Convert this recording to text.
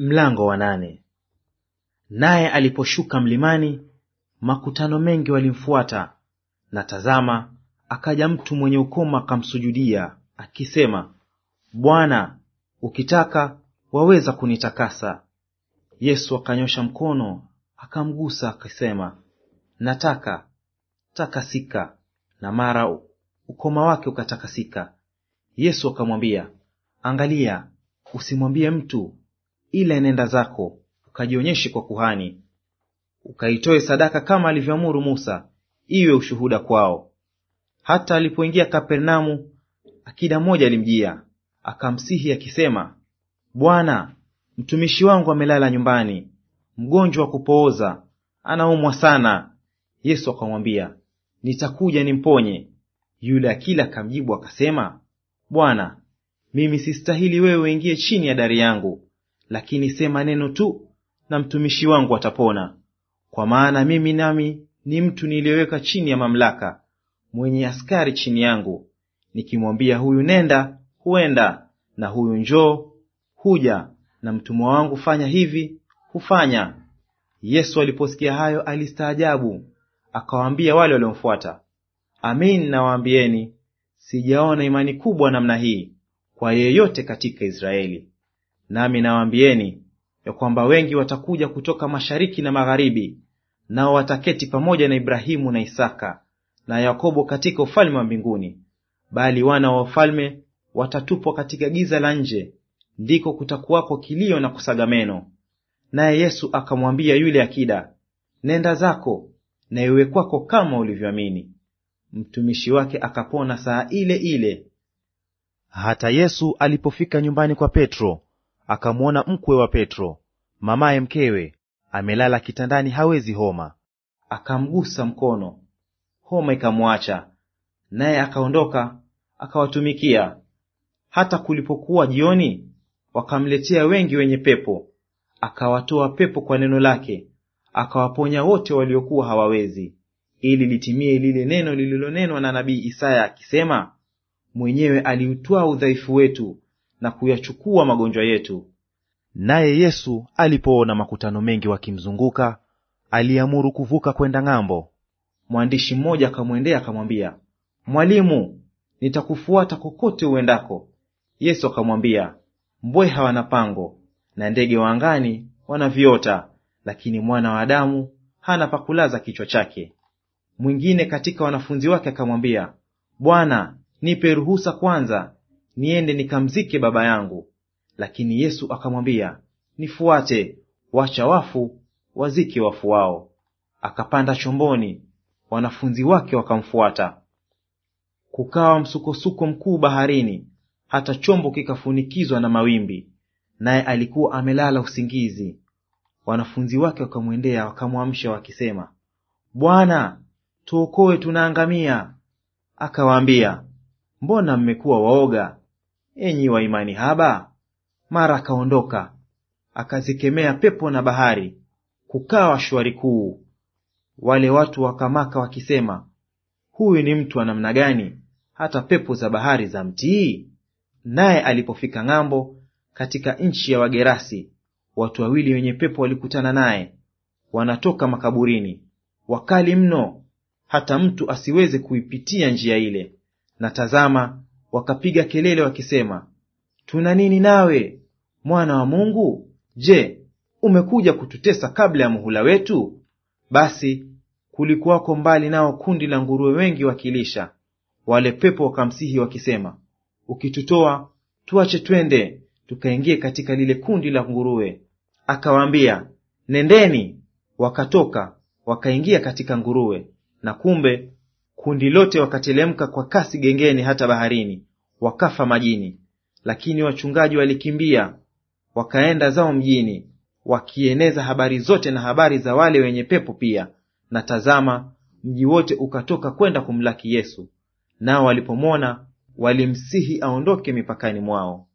Mlango wa nane. Naye aliposhuka mlimani, makutano mengi walimfuata, na tazama, akaja mtu mwenye ukoma akamsujudia, akisema, Bwana, ukitaka waweza kunitakasa. Yesu akanyosha mkono akamgusa, akisema, nataka, takasika. Na mara ukoma wake ukatakasika. Yesu akamwambia, angalia, usimwambie mtu ila nenda zako ukajionyeshe kwa kuhani, ukaitoe sadaka kama alivyoamuru Musa, iwe ushuhuda kwao. Hata alipoingia Kapernaumu, akida mmoja alimjia akamsihi akisema, Bwana, mtumishi wangu amelala nyumbani, mgonjwa wa kupooza, anaumwa sana. Yesu akamwambia, nitakuja nimponye. Yule akila akamjibu akasema, Bwana, mimi sistahili wewe uingie chini ya dari yangu lakini sema neno tu, na mtumishi wangu atapona. Kwa maana mimi nami ni mtu niliyeweka chini ya mamlaka, mwenye askari chini yangu, nikimwambia huyu nenda, huenda, na huyu njoo, huja, na mtumwa wangu fanya hivi, hufanya. Yesu aliposikia hayo alistaajabu. Akawaambia wale waliomfuata, amin nawaambieni, sijaona imani kubwa namna hii kwa yeyote katika Israeli. Nami nawaambieni ya kwamba wengi watakuja kutoka mashariki na magharibi, nao wataketi pamoja na Ibrahimu na Isaka na Yakobo katika ufalme wa mbinguni, bali wana wa ufalme watatupwa katika giza la nje, ndiko kutakuwako kilio na kusaga meno. Naye Yesu akamwambia yule akida, nenda zako na iwe kwako kama ulivyoamini. Mtumishi wake akapona saa ile ile. Hata Yesu alipofika nyumbani kwa Petro, akamwona mkwe wa Petro, mamaye mkewe, amelala kitandani, hawezi homa. Akamgusa mkono, homa ikamwacha, naye akaondoka akawatumikia. Hata kulipokuwa jioni, wakamletea wengi wenye pepo, akawatoa pepo kwa neno lake, akawaponya wote waliokuwa hawawezi, ili litimie lile neno lililonenwa na nabii Isaya akisema, mwenyewe aliutwaa udhaifu wetu na kuyachukua magonjwa yetu. Naye Yesu alipoona makutano mengi wakimzunguka, aliamuru kuvuka kwenda ng'ambo. Mwandishi mmoja akamwendea akamwambia, Mwalimu, nitakufuata kokote uendako. Yesu akamwambia, mbweha wana pango na ndege wa angani wana viota, lakini mwana wa Adamu hana pa kulaza kichwa chake. Mwingine katika wanafunzi wake akamwambia, Bwana, nipe ruhusa kwanza niende nikamzike baba yangu. Lakini Yesu akamwambia, nifuate, wacha wafu wazike wafu wao. Akapanda chomboni, wanafunzi wake wakamfuata. Kukawa msukosuko mkuu baharini, hata chombo kikafunikizwa na mawimbi, naye alikuwa amelala usingizi. Wanafunzi wake wakamwendea wakamwamsha wakisema, Bwana, tuokoe, tunaangamia. Akawaambia, mbona mmekuwa waoga? enyi wa imani haba? Mara akaondoka akazikemea pepo na bahari, kukawa shwari kuu. Wale watu wakamaka wakisema, huyu ni mtu wa namna gani, hata pepo za bahari za mtii? Naye alipofika ng'ambo, katika nchi ya Wagerasi, watu wawili wenye pepo walikutana naye, wanatoka makaburini, wakali mno, hata mtu asiweze kuipitia njia ile. Na tazama, wakapiga kelele wakisema, tuna nini nawe, mwana wa Mungu? Je, umekuja kututesa kabla ya muhula wetu? Basi kulikuwako mbali nao kundi la nguruwe wengi wakilisha. Wale pepo wakamsihi wakisema, ukitutoa tuache twende tukaingie katika lile kundi la nguruwe. Akawaambia, nendeni. Wakatoka wakaingia katika nguruwe, na kumbe kundi lote wakatelemka kwa kasi gengeni hata baharini, wakafa majini. Lakini wachungaji walikimbia wakaenda zao mjini, wakieneza habari zote na habari za wale wenye pepo pia. Na tazama, mji wote ukatoka kwenda kumlaki Yesu, nao walipomwona walimsihi aondoke mipakani mwao.